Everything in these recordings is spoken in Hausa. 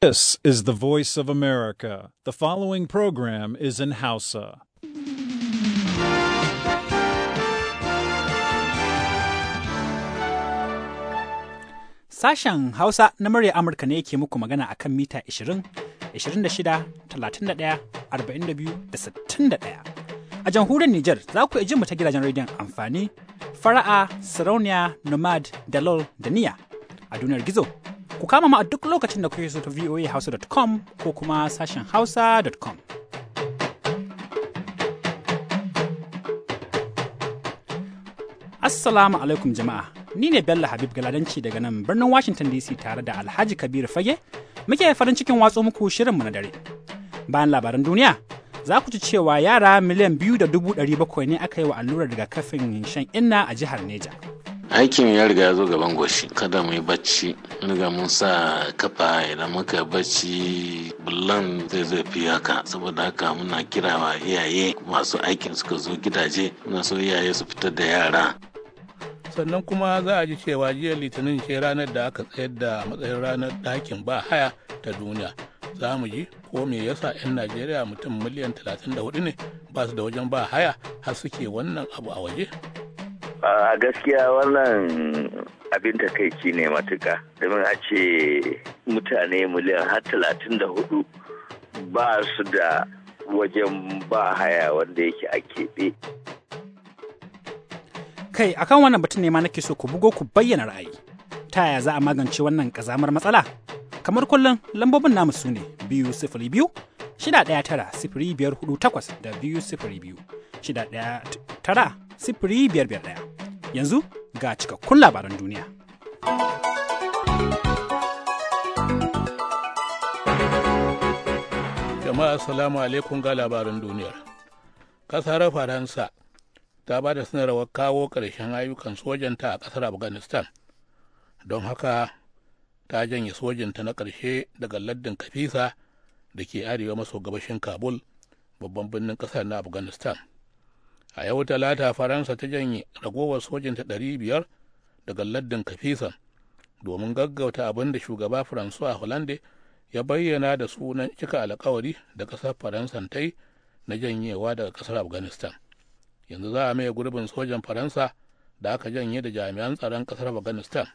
This is the voice of America. The following program is in Hausa. Sashen Hausa na murya Amurka ne ke muku magana a kan mita 20, 26, 31, 42 da 61. A jamhuriyar Nijar za ku ji ta gidajen rediyon amfani, fara'a, sarauniya, nomad, dalol da niya a duniyar gizo. Ku kama mu a duk lokacin da kuke so ta voahausa.com ko kuma sashen hausa.com. Assalamu alaikum jama'a. Ni ne Bello Habib Galadanci daga nan birnin Washington DC tare da Alhaji Kabir Fage muke farin cikin watso muku shirinmu na dare. Bayan labaran duniya, za ku ci cewa yara miliyan biyu da dubu ɗari bakwai ne aka yi wa allurar rigakafin shan inna a jihar Neja. aikin ya riga ya zo gaban goshi kada mu yi bacci riga mun sa kafa idan muka bacci bullan zai zai fi haka saboda haka muna kirawa iyaye masu aikin suka zo gidaje na so iyaye su fitar da yara sannan kuma za a ji cewa jiya litinin ce ranar da aka tsayar da matsayin ranar ɗakin ba haya ta duniya za mu ji ko me yasa 'yan najeriya mutum miliyan 34 ne ba su da wajen ba haya har suke wannan abu a waje a gaskiya wannan abin takaici ne matuka domin a ce mutane miliyan har talatin da hudu ba su da wajen ba haya wanda yake a keɓe. kai akan wannan batun ne ma nake so ku bugo ku bayyana ra'ayi ta yaya za a magance wannan kazamar matsala kamar kullum lambobin namu su ne biyu sifiri biyu shida ɗaya tara sifiri biyar hudu takwas da biyu sifiri biyu shida ɗaya tara sifiri biyar biyar ɗaya Yanzu ga cikakkun labaran duniya. Jama'a salamu alaikum ga labaran duniyar. Kasar Faransa ta ba da sanarwar kawo ƙarshen ayyukan sojanta a ƙasar Afghanistan. Don haka ta janye sojinta na ƙarshe daga laddin Kafisa da ke arewa maso gabashin Kabul babban birnin ƙasar na Afghanistan. a yau talata faransa ta janye ragowar sojinta ɗari biyar daga laddin kafisan domin gaggauta abin da shugaba a hollande ya bayyana da sunan cika alkawari da ƙasar faransan ta yi na janyewa daga ƙasar afghanistan yanzu za a mai gurbin sojan faransa da aka janye da jami'an tsaron ƙasar afghanistan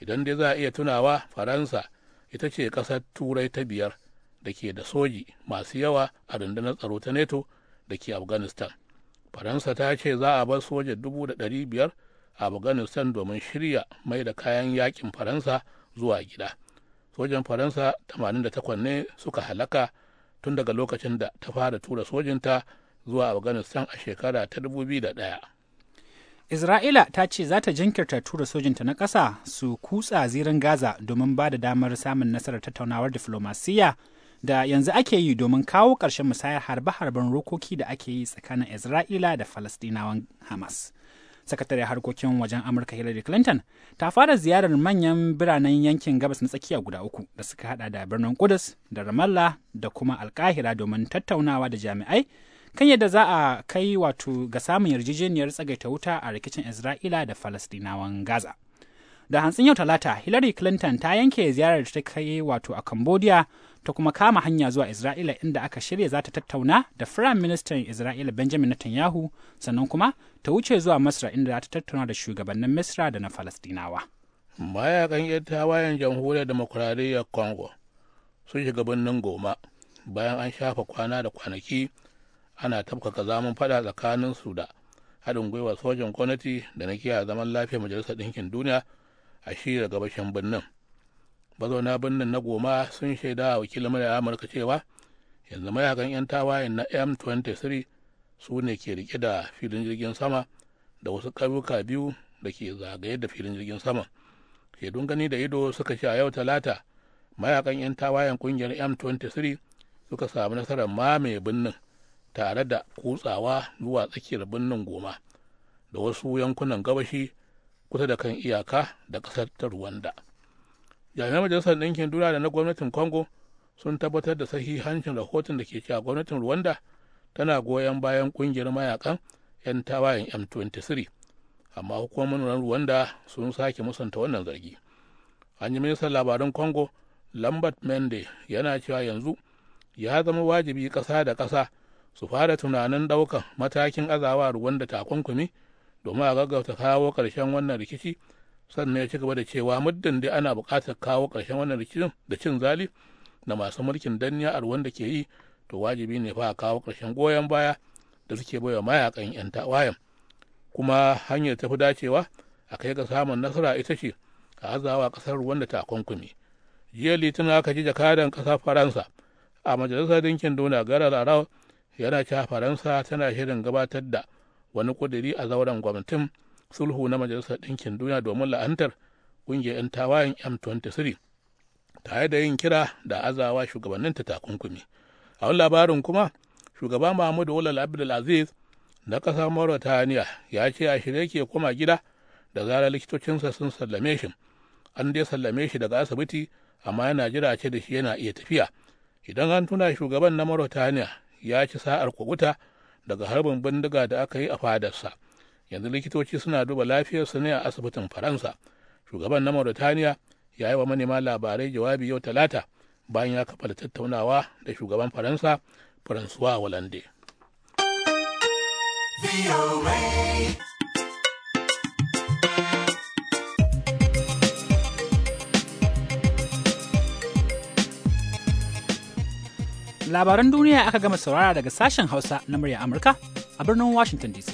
idan dai za a iya tunawa faransa ita ce ƙasar turai ta biyar da ke da soji masu yawa a rundunar tsaro ta neto da ke afghanistan faransa ta ce za a bar soja dubu da ɗari biyar a afghanistan domin shirya mai da kayan yakin faransa zuwa gida sojan faransa 88 ne suka halaka tun daga lokacin da ta fara tura sojinta zuwa afghanistan a shekara ta 2001 isra'ila ta ce za ta jinkirta tura sojinta na ƙasa su kutsa zirin gaza domin ba da damar samun nasarar tattaunawar diflomasiyya da yanzu ake yi domin kawo ƙarshen musayar harbe-harben rokoki da ake yi tsakanin Isra'ila da Falastinawan Hamas. Sakatare harkokin wajen Amurka Hillary Clinton ta fara ziyarar manyan biranen yankin gabas na tsakiya guda uku da suka hada da birnin Kudus da Ramallah da kuma Alkahira domin tattaunawa da jami'ai kan yadda za a kai wato ga samun yarjejeniyar tsagaita wuta a rikicin Isra'ila da Falastinawan Gaza. Da hantsin yau talata, Hillary Clinton ta yanke ziyarar da ta kai wato a Cambodia ta kuma kama hanya zuwa Isra'ila inda aka shirya za ta tattauna da Firayim Ministan Isra'ila Benjamin Netanyahu sannan kuma ta wuce zuwa Masra inda za ta tattauna da shugabannin Misra da na Falastinawa. Mayakan 'yan tawayen jamhuriyar demokuraɗiyyar Congo sun shiga birnin Goma bayan an shafa kwana da kwanaki ana tafkaka zaman fada tsakanin su da haɗin gwiwar sojin gwamnati da na kiyaye zaman lafiyar majalisar ɗinkin duniya a shirya gabashin birnin mazauna birnin na goma sun shaida a wakilin murya amurka cewa yanzu mayakan 'yan tawayen na m23 su ne ke rike da filin jirgin sama da wasu ƙauyuka biyu da ke zagaye da filin jirgin sama shaidun gani da ido suka shi a yau talata mayakan 'yan tawayen kungiyar m23 suka samu nasarar mamaye birnin tare da kutsawa zuwa tsakiyar birnin goma da wasu yankunan gabashi kusa da kan iyaka da ƙasar ta Rwanda. Jami'an Majalisar Ɗinkin Duniya da na gwamnatin Congo sun tabbatar da sahihancin rahoton da ke cewa gwamnatin Rwanda tana goyon bayan ƙungiyar mayakan 'yan tawayen M23. Amma hukumomin Rwanda sun sake musanta wannan zargi. An yi ministan labarin Congo Lambert Mende yana cewa yanzu ya zama wajibi ƙasa da ƙasa su fara tunanin ɗaukan matakin azawa Rwanda takunkumi domin a gaggauta kawo ƙarshen wannan rikici sannan ya ci gaba da cewa muddin dai ana buƙatar kawo ƙarshen wannan rikicin da cin zali da masu mulkin danniya a ruwan da ke yi to wajibi ne fa a kawo ƙarshen goyon baya da suke baiwa mayakan 'yan tawayen kuma hanyar tafi dacewa a kai ga samun nasara ita ce a azawa ƙasar ruwan da ta takunkumi jiya litinin aka ji jakadan ƙasar faransa a majalisar dinkin duniya gara larau yana cewa faransa tana shirin gabatar da wani ƙudiri a zauren gwamnatin sulhu na majalisar ɗinkin duniya domin la'antar ƙungiyar 'yan tawayen m23 tare da yin kira da azawa shugabannin ta takunkumi a wani labarin kuma shugaba mahmudu walal abdulaziz na ƙasar mauritaniya ya ce a shirye ke koma gida da zarar likitocinsa sun sallame shi an dai sallame shi daga asibiti amma yana jira ce da shi yana iya tafiya idan an tuna shugaban na mauritaniya ya ci sa'ar Kwakwuta. daga harbin bindiga da aka yi a fadarsa yanzu likitoci suna duba lafiyarsa ne a asibitin faransa shugaban na mauritaniya ya yi wa manema labarai jawabi yau talata bayan ya kafa tattaunawa da shugaban faransa faransuwa walande. Labaran duniya aka gama saurara daga sashen Hausa na murya Amurka a birnin Washington DC.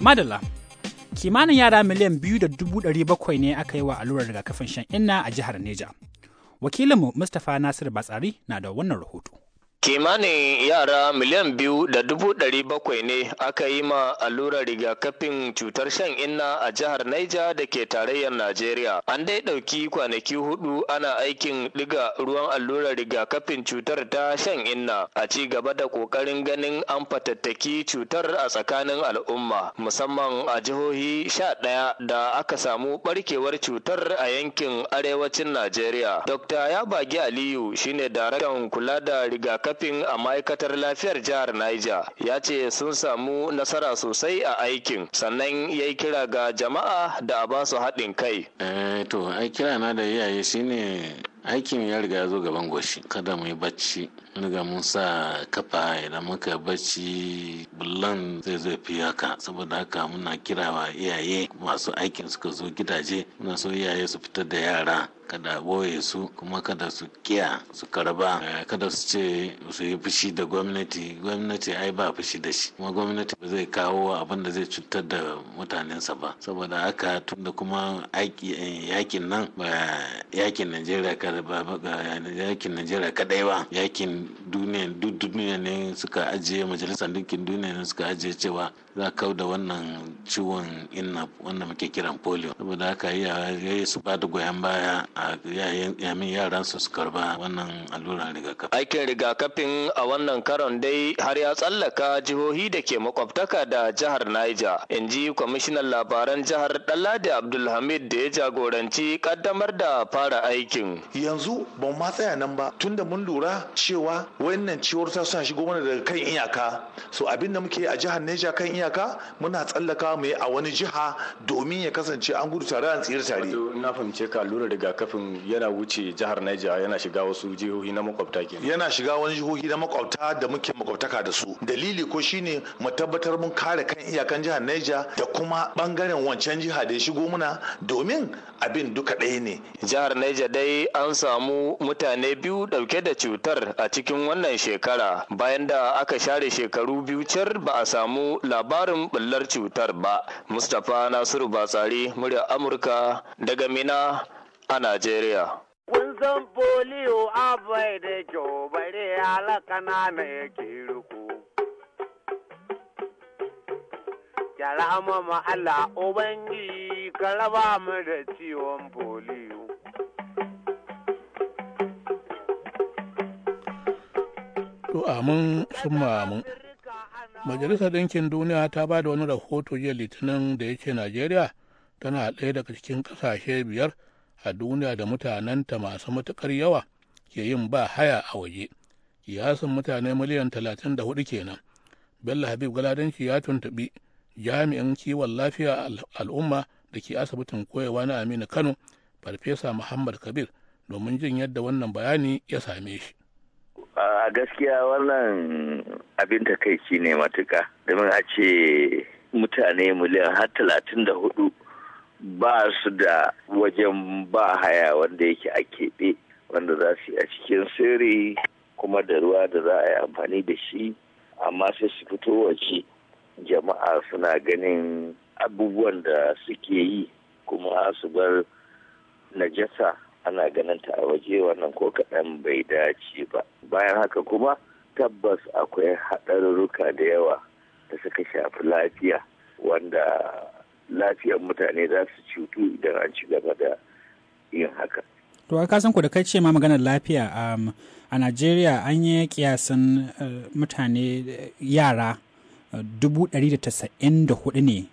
Madala kimanin yara miliyan biyu da dubu ɗari bakwai ne aka yi wa allurar rigakafin shan inna a jihar Neja. Wakilinmu Mustapha Nasir Batsari na da wannan rahoto. Kimanin yara miliyan biyu da dubu ɗari bakwai ne aka yi ma allurar rigakafin cutar shan inna a jihar Naija da ke tarayyar Najeriya. An dai ɗauki kwanaki hudu ana aikin ɗiga ruwan allurar rigakafin cutar ta shan inna a ci gaba da ƙoƙarin ganin an fatattaki cutar a tsakanin al'umma musamman a jihohi sha ɗaya da aka samu ɓarkewar cutar a yankin arewacin Najeriya. Dr. Yabagi Aliyu shine daraktan kula da rigakafin rigakafin a ma'aikatar lafiyar jihar Niger ya ce sun samu nasara sosai a aikin sannan ya yi kira ga jama'a da a ba su haɗin kai. Eh to ai kira na da iyaye shine aikin ya riga ya zo gaban goshi kada mu yi bacci ga mun sa kafa idan muka bacci bulan zai zai fi haka saboda haka muna kirawa iyaye masu aikin suka zo gidaje muna so iyaye su fitar da yara kada boye su kuma kada su kiya su karba eh, kada su ce su yi fushi da gwamnati gwamnati ai ba fushi da shi kuma gwamnati ba zai kawo abin da zai cutar da mutanensa ba saboda haka tun da kuma eh, yakin nan ba yakin najeriya ba yakin najeriya kadai ba yakin duniya duk duniya ne suka ajiye majalisar dinkin duniya ne suka ajiye cewa za a kau da wannan ciwon inna wanda muke kiran polio saboda haka yi su bada goyon baya a yamin yaran su su karba wannan alluran rigakafi aikin rigakafin a wannan karon dai har ya tsallaka jihohi da ke makwabtaka da jihar Niger in ji kwamishinan labaran jihar Dallade Abdulhamid da ya jagoranci kaddamar da fara aikin yanzu ban ma tsaya nan ba tunda mun lura cewa cewa wannan ciwon ta suna shigo mana daga kan iyaka so abin da muke a jihar Neja kan iyaka muna tsallaka mu a wani jiha domin ya kasance an gudu tare an tsira tare na fahimce ka daga kafin yana wuce jihar Neja yana shiga wasu jihohi na makwabta kenan yana shiga wani jihohi na makwabta da muke makwabtaka da su dalili ko shine mu tabbatar mun kare kan iyakan jihar Neja da kuma bangaren wancan jiha da ya shigo muna domin abin duka ɗaya ne jihar Neja dai an samu mutane biyu dauke da cutar a cikin wannan shekara bayan da aka share shekaru biyu car ba a samu labarin bullar cutar ba. Mustapha Nasiru Batsari murya Amurka daga Mina a Najeriya. Kun san foliyo abai da kyau alaka na yake ruku. Yara mama Allah Ubangi ka raba mu da ciwon foliyo. to amin summa amin majalisar ɗinkin duniya ta ba da wani rahoto jiya litinin da ya najeriya tana ɗaya daga cikin ƙasashe biyar a duniya da mutanenta masu matuƙar yawa ke yin ba haya a waje kiyasin mutane miliyan hudu kenan bello habib galadanci ya tuntuɓi jami'in kiwon lafiya al'umma da ke asibitin koyawa na aminu kano farfesa muhammad kabir domin jin yadda wannan bayani ya same shi a gaskiya wannan abin takaici ne matuka domin a ce mutane miliyan har talatin da hudu ba su da wajen ba haya wanda yake a keɓe wanda za su yi a cikin sirri kuma da ruwa da za a yi amfani da shi amma sai su fito waje jama'a suna ganin abubuwan da suke yi kuma su bar najasa ana ganin ta a waje wannan ko kaɗan bai dace ba bayan haka kuma tabbas akwai haɗarurruka da yawa da suka shafi lafiya wanda lafiyar mutane za su cutu idan an ci gaba da yin haka to a kasan ku da kai ce ma maganar lafiya um, a najeriya an yi kiyasin uh, mutane uh, yara uh, hudu ne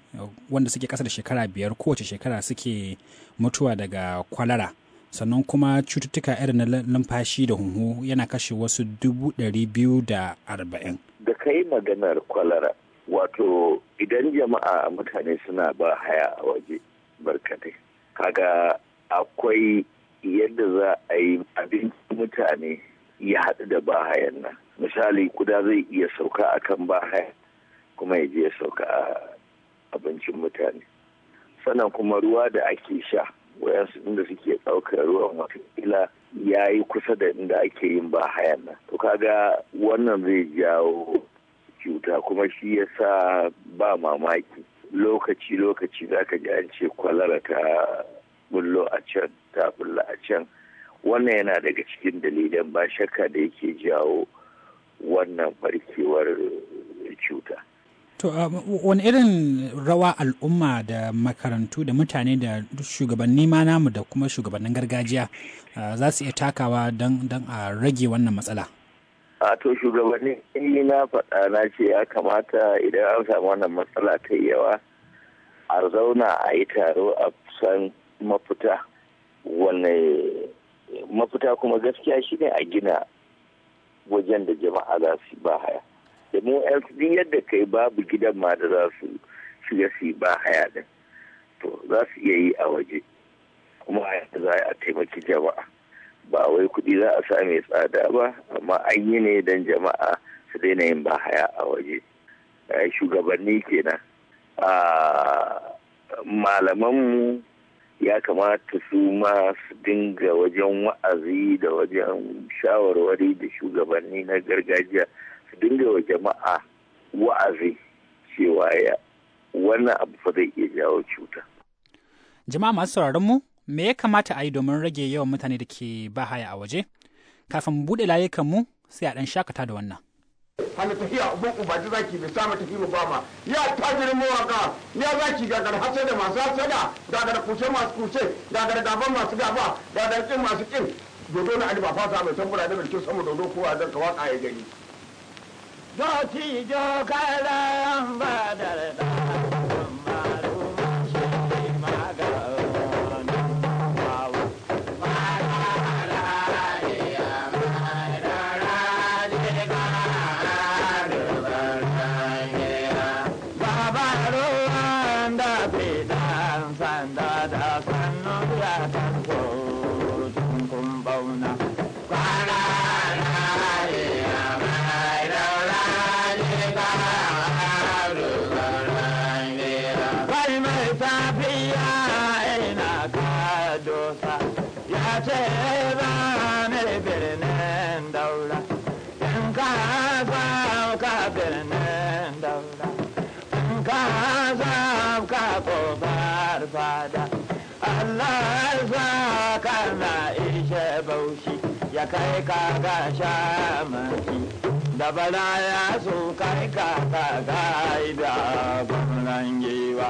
wanda suke kasa da shekara biyar kowace shekara suke mutuwa daga kwalara sannan kuma cututtuka irin na lumfashi da huhu yana kashe wasu dubu ɗari biyu da arba'in. Da kai maganar kwalara wato idan jama'a mutane suna ba haya a waje barkatai kaga akwai yadda za a yi abin mutane ya haɗu da hayan nan misali kuda zai iya sauka a kan bahaya kuma ya je sauka a abincin mutane sannan kuma ruwa da ake sha wayansu inda suke ɗaukar ruwan watakila ya yi kusa da inda ake yin ba hayan nan to kaga wannan zai jawo cuta kuma shi ya sa ba mamaki lokaci-lokaci za ka ji an ce kwalara ta bullo a can ta bullo a can wannan yana daga cikin dalilan ba shakka da yake jawo wannan barkewar cuta. To, um, wani irin rawa al'umma da makarantu da mutane da shugabanni ma namu da kuma shugabannin gargajiya uh, za su iya takawa don a rage wannan matsala? A to shugabanni na faɗa na ce ya kamata idan an samu wannan matsala ta yawa a zauna a yi taro a san mafuta mafita kuma gaskiya shine a gina wajen da jama'a za su ba haya. da mu yan yadda kai babu gidan ma da za su shiga su ba haya din to za su iya yi a waje kuma a za a taimaki jama'a ba wai kuɗi za a sa mai tsada ba amma an yi ne don jama'a su daina yin ba haya a waje shugabanni kenan malamanmu ya kamata su ma su dinga wajen wa'azi da wajen shawarwari da shugabanni na gargajiya su dinga wa jama'a wa'azi cewa ya wannan abu fa zai iya jawo cuta. Jama'a masu sauraron mu me ya kamata a yi domin rage yawan mutane da ke bahaya a waje? Kafin buɗe layukan mu sai a ɗan shakata da wannan. hana tafiya abun ubaji zaki bai samu tafi ma ya tajirin mawaka ya zaki gagara hasa da masu da gagara kushe masu kushe gagara gaban masu gaba gagara kin masu kin dodo na alibafa ta mai tambura da kyau samu dodo kowa zan ka waka ya gani 土地上からんばだ birnin daura in ka ka birnin daura in ka ka fada Allah za ka na ya kai ka da bala ya so kai ka ka ga da gwamnan giwa.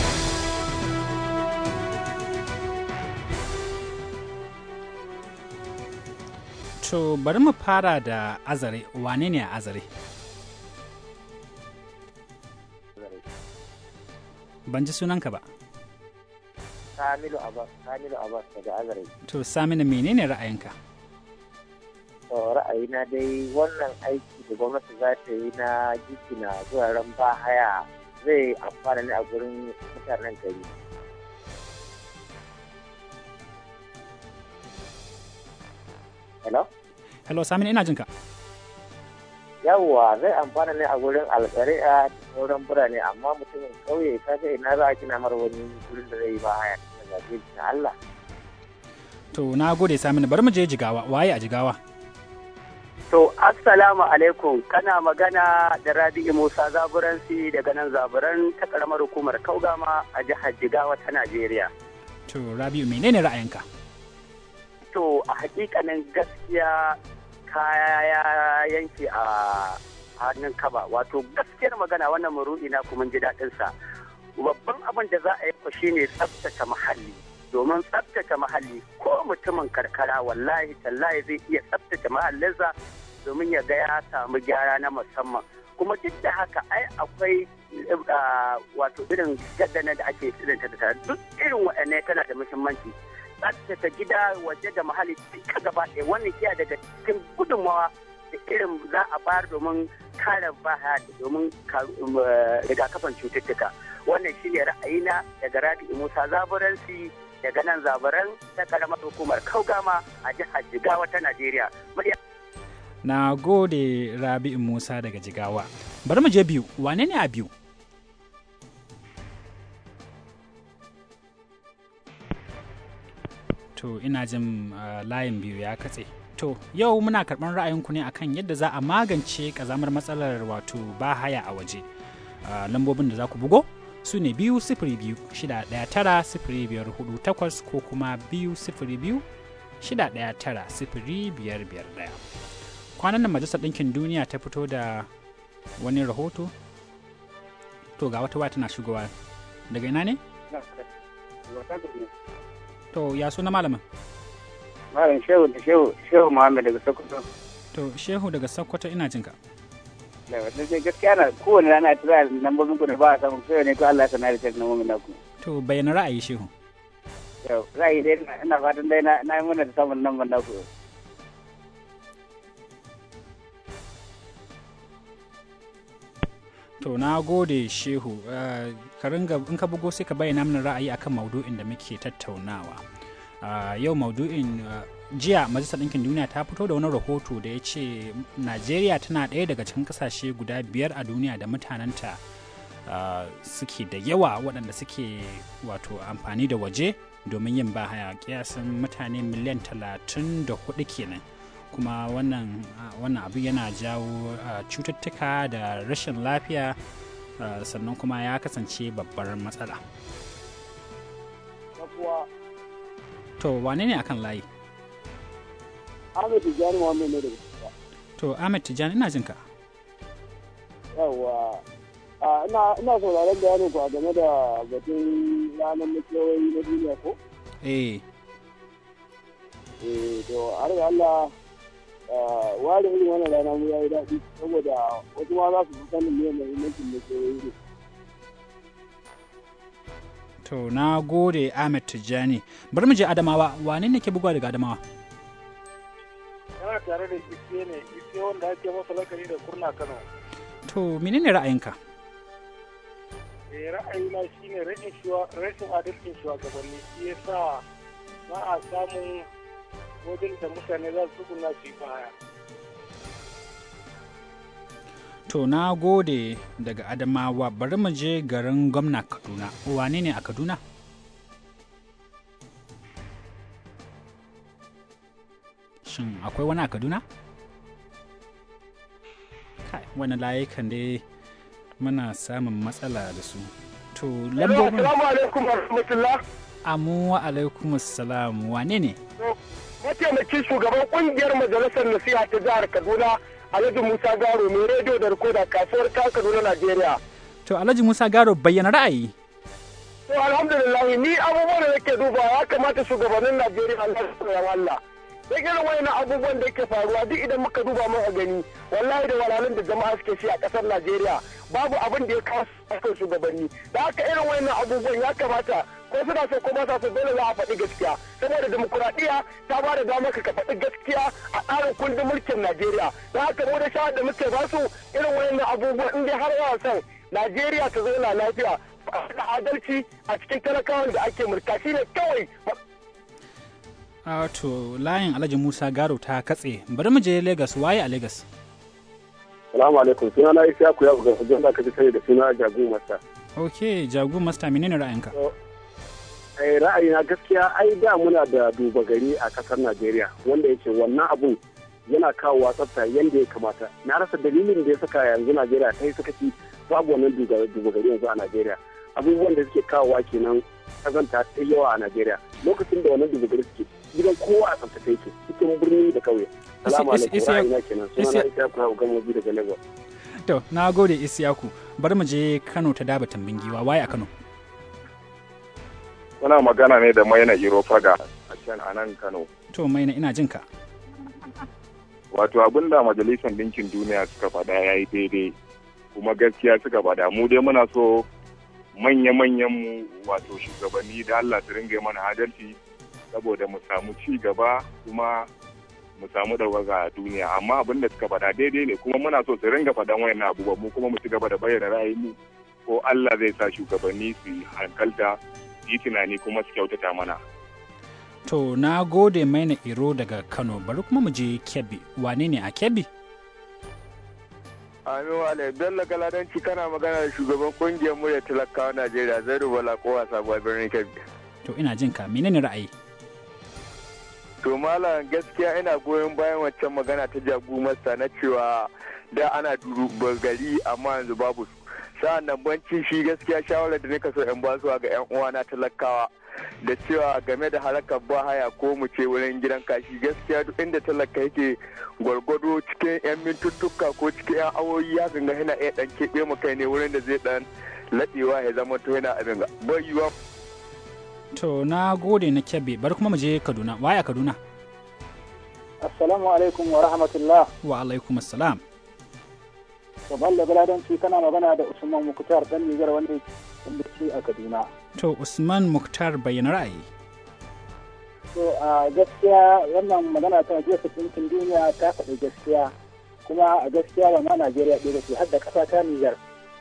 To bari mu fara da azare, wane ne azare? Ban ji sunanka ba. Saminu Abbas, Saminu Abbas daga azare. To Saminu menene ra'ayinka? ra'ayina dai wannan aiki da gwamnati za ta yi na gigina wuraren bahaya zai amfana ne a gurin mutanen gari. Hello? Hello, ina jinka. Yawwa zai amfana ne a wurin alkari'a da sauran birane amma mutumin kauye ka ga ina za a kina mara wani wurin da zai yi ba haya da zafi da Allah. To na gode Saminu bari mu je jigawa waye a jigawa. To assalamu alaikum kana magana da Rabi'u Musa Zaburansi daga nan Zaburan ta karamar hukumar Kaugama a jihar Jigawa ta Najeriya. To Rabi'u menene ra'ayinka? to a hakikanin gaskiya kaya ya yanke a hannun kaba wato gaskiyar magana wannan maru'i na kuma ji daɗinsa babban abin da za a yi ne tsabtace muhalli domin tsabtace muhalli ko mutumin karkara wallahi tallahi zai iya tsabtace muhallinsa domin ya ga ya samu gyara na musamman kuma duk da haka ai akwai ah, wato irin gaddana da ake irin ta duk irin waɗanne tana da muhimmanci ta gida waje da muhalli duka gaba ɗaya wannan iya daga cikin gudunmawa da irin za a bayar domin kare baha domin um, eh, rigakafin cututtuka wannan shi ne ra'ayina daga rabi'u musa zaburansi daga nan zaburan ta karamar hukumar kaugama a jihar jigawa ta najeriya na gode rabi musa daga jigawa bari mu je biyu wane ne a biyu to ina jin layin biyu ya katse to yau muna karɓar ra'ayinku ne akan yadda za a magance ƙazamar matsalar wato haya a waje lambobin da za ku bugo su ne biyu sifiri biyu shida ɗaya tara sifiri biyar hudu takwas ko kuma biyu sifiri biyu shida ɗaya tara sifiri biyar biyar ɗaya kwanan nan majalisar ɗinkin duniya ta fito da wani rahoto to ga wata waya tana shigowa daga ina ne to ya suna malamin malam shehu da shehu shehu muhammad daga sokoto to shehu daga sokoto ina jin ka gaskiya na kowane rana ta za lambobin ku da ba a samun sai ne to Allah ya sanar da shi lambobin naku to bayyana ra'ayi shehu yau ra'ayi dai ina fatan dai na yi mana da samun lambar naku to na gode shehu eh, ka ringa in ka bugo sai ka bayyana mana ra'ayi akan maudu'in da muke tattaunawa yau maudu'in jiya majalisar ɗinkin duniya ta fito da wani rahoto da ya ce najeriya tana ɗaya daga cikin kasashe guda biyar a duniya da mutanenta suke da yawa waɗanda suke wato amfani da waje domin yin bahaya kiyasin mutane miliyan 34 kenan kuma wannan abu yana jawo cututtuka da rashin lafiya Eh, sannan kuma ya kasance babbar matsala to wane ne akan layi Ahmed Tijjani Muhammad ne daga To Ahmed Tijjani ina jinka. Yawwa ina sauraron bayanin ku a game da batun ranar mutuwoyi na duniya ko? Eh. Eh to har da Allah Eh, wani wani wani rana mu yayi daɗi saboda wasu ma za su fi sanin ne mutum da ke yi to na gode Ahmed Tijjani bari mu je Adamawa wane ne ke bugawa daga Adamawa yana tare da iske ne iske wanda ake masa lakari da kurna Kano to menene ra'ayinka eh, ra'ayina shine rashin adalcin shugabanni shi sa ba a samun wajen da mutane za su su baya. To na gode daga Adamawa bari mu je garin gwamna Kaduna. Wane ne a Kaduna? Shin akwai wani a Kaduna? Kai, wani layukan dai muna samun matsala da su. To lambobin. Assalamu alaikum warahmatullah. Amu wa alaikum assalam. Wane ne? mataimakin shugaban kungiyar majalisar nasiha ta jihar kaduna alhaji musa garo mai rediyo da rikoda kasuwar ta kaduna najeriya to alhaji musa garo bayyana ra'ayi to alhamdulillah ni abubuwan da yake duba ya kamata shugabannin najeriya allah ya allah da irin wani abubuwan da yake faruwa duk idan muka duba mu gani wallahi da walalun da jama'a suke shi a kasar Najeriya babu abin da ya kawo shugabanni da haka irin wani abubuwan ya kamata ko suna so ko ba su so dole za a faɗi gaskiya saboda demokuraɗiyya ta ba da damar ka faɗi gaskiya a tsarin kundin mulkin najeriya don haka mu da shawar da muke ba su irin wayannan abubuwa in dai har yawa son najeriya ta zauna lafiya a adalci a cikin talakawan da ake mulka shine kawai a to layin alhaji musa garo ta katse bari mu je lagos waye a lagos salamu alaikum suna na isa ku ya buga hujjan da ka ji sani da suna jagu masta ok jagu masta menene ra'ayinka Eh, ra'ayina gaskiya ai da muna da duba gari a kasar najeriya wanda yake wannan abun yana kawowa tsafta yadda ya kamata na rasa dalilin da ya saka yanzu najeriya ta yi sakaci babu wannan duba gari yanzu a najeriya abubuwan da suke kawowa kenan kazanta ta yawa a najeriya lokacin da wannan duba gari suke gidan kowa a tsaftace yake cikin birni da kauye salamu alaikum ra'ayina kenan sunana isiyaku na ugamobi daga lagos to na gode isiyaku bar mu je kano ta daba tambin giwa waye a kano suna magana ne da Maina Irofaga a can a nan Kano. To Maina ina jinka. Wato abin da Majalisar Dinkin Duniya suka faɗa ya yi daidai kuma gaskiya suka faɗa mu dai muna so manya-manyan mu wato shugabanni da Allah su ringa mana adalci saboda mu samu ci gaba kuma mu samu ɗaukaka a duniya amma abin da suka faɗa daidai ne kuma muna so su ringa faɗan wayan abubuwan mu kuma mu ci gaba da bayyana ra'ayi mu ko Allah zai sa shugabanni su hankalta yi tunani kuma su kyautata mana. To, na gode maina iro daga Kano, bari kuma mu je Kebbi, wane ne a Kebbi? Aminu Alai, Bello Galadanci kana magana da shugaban kungiyar murya talakawa Najeriya, zai Bala Kowa Sabuwa Birnin Kebbi. To, ina jin ka, menene ra'ayi? To, malam gaskiya ina goyon bayan wancan magana ta jagu masa na cewa da ana duru gari amma yanzu babu su. sa'an nan banci shi gaskiya shawarar da nika so in ba su ga yan uwa na talakawa da cewa game da harakar haya ko mu ce wurin gidan kashi gaskiya duk inda talaka yake gwargwado cikin yan mintuttuka ko cikin yan awoyi ya ganga yana iya dan keɓe mu kai ne wurin da zai dan laɗewa ya zama to yana abin ga bai yiwa. to na gode na kyabe bari kuma mu je kaduna waya kaduna. assalamu alaikum wa rahmatullah. wa alaikum assalam. da Bello kana magana da Usman Muktar dan Nijar wanda ke a Kaduna. To Usman Muktar bayyana ra'ayi. To a gaskiya wannan magana ta jiya ɗinkin duniya ta faɗi gaskiya kuma a gaskiya ba ma Najeriya ɗaya da su har da ƙasa ta Nijar.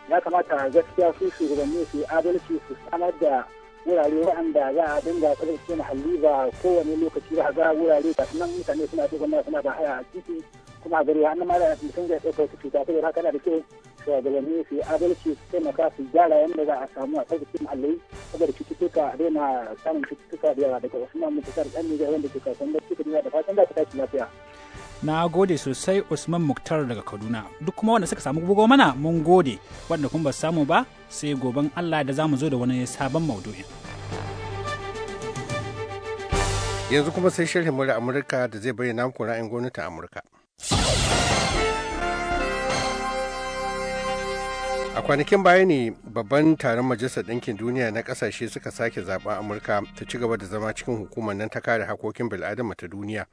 Ya kamata gaskiya su shugabanni su yi adalci su samar da wurare waɗanda za a dinga tsarkake halli ba kowane lokaci ba ga wurare ga nan mutane suna ce gwamnati suna ba haya a titi kuma a gari hannun mara mutum zai ɗaukar su cuta saboda haka na da kyau shugabanni su yi adalci su taimaka su gyara yadda za a samu a tsarkake muhalli saboda cututtuka a daina samun cututtuka da yawa daga wasu mamun kusa da ɗan nijar wanda ke kasuwan da cikin da fatan za ta tashi lafiya. na gode sosai usman muktar daga kaduna duk kuma wanda suka samu bugo mana mun gode wanda kuma ba samu ba sai goben allah da za mu zo da wani sabon maudu'in yanzu kuma sai shirin mura amurka da zai bayyana muku ra'ayin gwamnatin amurka a kwanakin baya ne babban taron majalisar ɗinkin duniya na ƙasashe suka sake zaɓen amurka ta ci gaba da zama cikin hukumar nan ta kare hakokin bil'adama ta duniya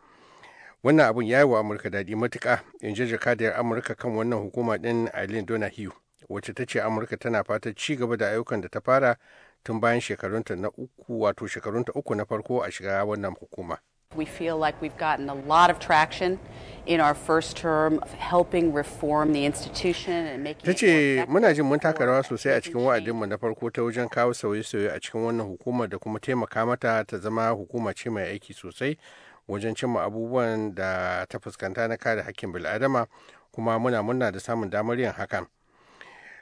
wannan abun ya yi wa amurka daɗi matuka in ji jakadiyar amurka kan wannan hukuma ɗin aileen donahue wacce ta ce amurka tana fata ci gaba da ayyukan da ta fara tun bayan shekarunta na uku wato shekarunta uku na farko a shiga wannan hukuma We feel like we've gotten a lot of traction in our first term of helping reform the institution and making Ta ce muna jin mun taka rawa sosai a cikin mu na farko ta wajen kawo sauye-sauye a cikin wannan hukumar da kuma taimaka mata ta zama hukuma ce mai aiki sosai wajen cimma abubuwan da ta fuskanta na kare hakkin bil'adama kuma muna muna da samun damar yin hakan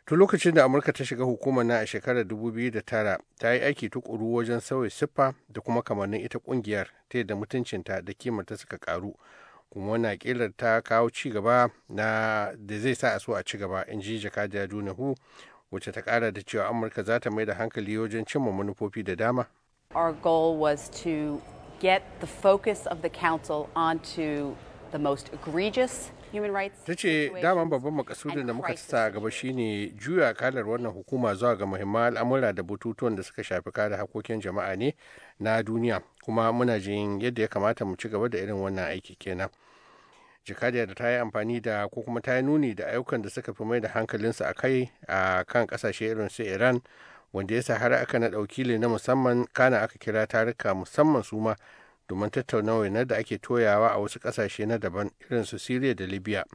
tun lokacin da amurka ta shiga hukumar na a shekarar 2009 ta yi aiki tukuru wajen sauya siffa da kuma kamannin ita kungiyar ta yadda mutuncinta da kimarta suka karu kuma wannan kilar ta kawo ci gaba na da zai sa a so a ci gaba in ji jakadiya dunahu wacce ta kara da cewa amurka za ta mai da hankali wajen cimma manufofi da dama our goal was to get the focus of the council onto the most egregious ta ce daman babban makasudin da muka sa gaba shine juya kalar wannan hukuma zuwa ga muhimman al'amura da bututun da suka shafi kare hakokin jama'a ne na duniya kuma muna jin yadda ya kamata mu ci gaba da irin wannan aiki kenan jikadiya da ta yi amfani da ko kuma ta yi nuni da ayyukan da suka fi mai da hankalinsu a kai a kan kasashe irin su iran wanda ya sa har aka na wakili na musamman kana aka kira taruka musamman su ma domin tattaunawa da ake toyawa a wasu ƙasashe na daban irin su Siriya da Libya.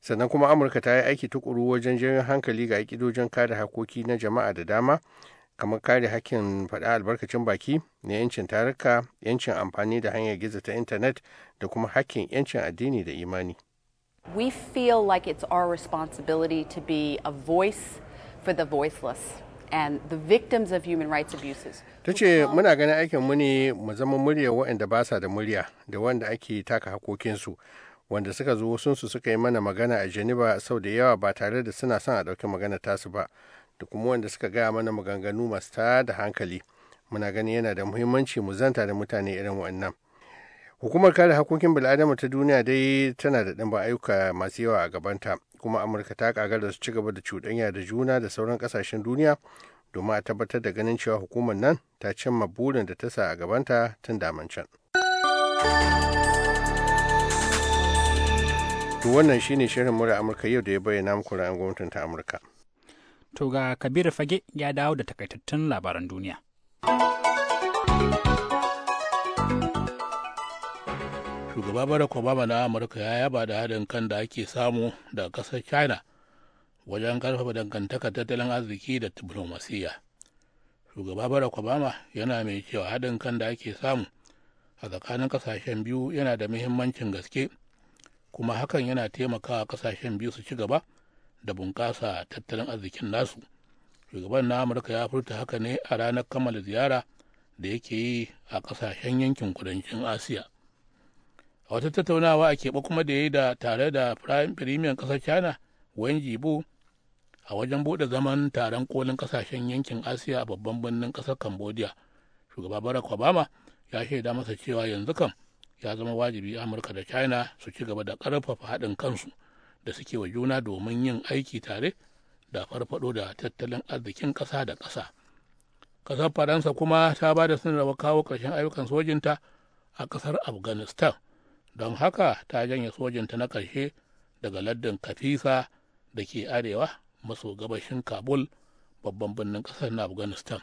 sannan kuma amurka ta yi aiki tukuru wajen jirgin hankali ga ƙidojin kare hakoki na jama'a da dama kamar kare hakkin faɗa albarkacin baki na yancin taruka yancin amfani da hanyar gizo ta intanet da kuma hakkin yancin addini da imani we feel like it's our responsibility to be a voice for the voiceless and the victims of human rights abuses. Ta ce muna ganin aikin mu ne mu zama murya waɗanda ba sa da murya da wanda ake taka hakokinsu wanda suka zo sunsu suka yi mana magana a Geneva sau da yawa ba tare da suna son a ɗauki magana tasu ba da kuma wanda suka gaya mana maganganu masu ta da hankali. Muna ganin yana da muhimmanci mu zanta da mutane irin waɗannan. Hukumar kare hakokin bil'adama ta duniya dai tana da ɗimbin ayyuka masu yawa a gabanta kuma amurka ta kagara su ci gaba da cuɗanya da juna da sauran ƙasashen duniya domin a tabbatar da ganin cewa hukumar nan ta cimma burin da ta sa a gabanta tun daman can. To wannan shine shirin mura Amurka yau da ya bayyana muku ra'ayin gwamnatin ta Amurka. To ga Kabir Fage ya dawo da takaitattun labaran duniya. shugaba barack obama na amurka ya yaba da haɗin kan da ake samu daga ƙasar china wajen karfafa dangantaka tattalin arziki da diplomasiya shugaba barack obama yana mai cewa haɗin kan da ake samu a tsakanin ƙasashen biyu yana da muhimmancin gaske kuma hakan yana taimakawa ƙasashen biyu su ci gaba da bunƙasa tattalin arzikin nasu shugaban na amurka ya furta haka ne a ranar kammala ziyara da yake yi a ƙasashen yankin kudancin asiya a wata tattaunawa a keɓe kuma da ya yi da tare da firimiyan ƙasar china wen jibo a wajen buɗe zaman taron kolin ƙasashen yankin asiya a babban birnin ƙasar cambodia shugaba barack obama ya shaida masa cewa yanzu kam ya zama wajibi amurka da china su ci gaba da ƙarfafa haɗin kansu da suke wa juna domin yin aiki tare da farfaɗo da tattalin arzikin ƙasa da ƙasa ƙasar faransa kuma ta ba da sanarwa kawo ƙarshen ayyukan sojinta a ƙasar afghanistan don haka ta janye sojinta na ƙarshe daga laddin kafisa da ke arewa maso gabashin kabul babban birnin ƙasar na afghanistan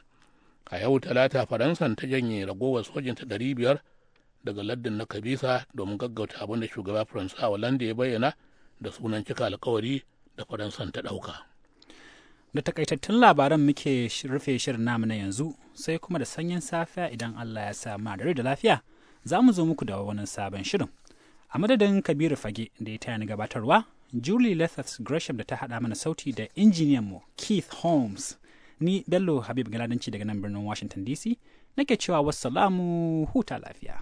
a yau talata faransan ta janye ragowar sojinta biyar daga laddin na kabisa domin gaggauta abin da shugaba faransa hollande ya bayyana da sunan cika alkawari da faransan ta ɗauka. da takaitattun labaran muke rufe shirin namu na yanzu sai kuma da sanyin safiya idan allah ya sa ma da lafiya za mu zo muku da wani sabon shirin a madadin kabiru fage da ya taya ni gabatarwa julie lethers gresham da ta haɗa mana sauti da injiniyan mu keith holmes ni bello habib galadanci daga nan birnin washington dc nake cewa wasu salamu huta lafiya